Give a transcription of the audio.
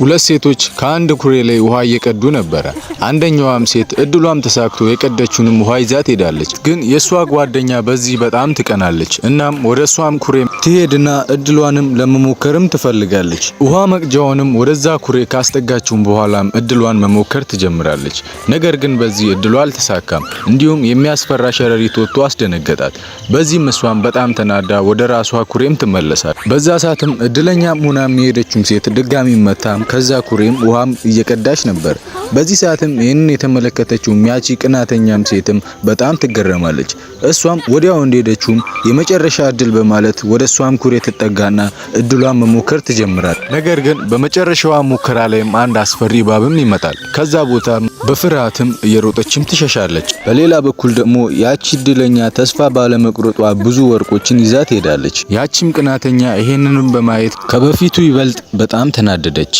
ሁለት ሴቶች ከአንድ ኩሬ ላይ ውሃ እየቀዱ ነበረ። አንደኛዋም ሴት እድሏም ተሳክቶ የቀደችውንም ውሃ ይዛ ትሄዳለች። ግን የእሷ ጓደኛ በዚህ በጣም ትቀናለች። እናም ወደ እሷም ኩሬ ትሄድና እድሏንም ለመሞከርም ትፈልጋለች። ውሃ መቅጃዋንም ወደዛ ኩሬ ካስጠጋችውን በኋላም እድሏን መሞከር ትጀምራለች። ነገር ግን በዚህ እድሏ አልተሳካም። እንዲሁም የሚያስፈራ ሸረሪት ወጥቶ አስደነገጣት። በዚህም እሷም በጣም ተናዳ ወደ ራሷ ኩሬም ትመለሳል። በዛ ሰዓትም እድለኛ ሆና የሄደችም ሴት ድጋሚ መታም ከዛ ኩሬም ውሃም እየቀዳች ነበር። በዚህ ሰዓትም ይህንን የተመለከተችው ሚያቺ ቅናተኛም ሴትም በጣም ትገረማለች። እሷም ወዲያው እንደሄደችውም የመጨረሻ እድል በማለት ወደ እሷም ኩሬ ትጠጋና እድሏን መሞከር ትጀምራል። ነገር ግን በመጨረሻዋ ሙከራ ላይም አንድ አስፈሪ ባብም ይመጣል። ከዛ ቦታ በፍርሃትም እየሮጠችም ትሸሻለች። በሌላ በኩል ደግሞ ያቺ እድለኛ ተስፋ ባለመቁረጧ ብዙ ወርቆችን ይዛ ትሄዳለች። ያቺም ቅናተኛ ይሄንንም በማየት ከበፊቱ ይበልጥ በጣም ተናደደች።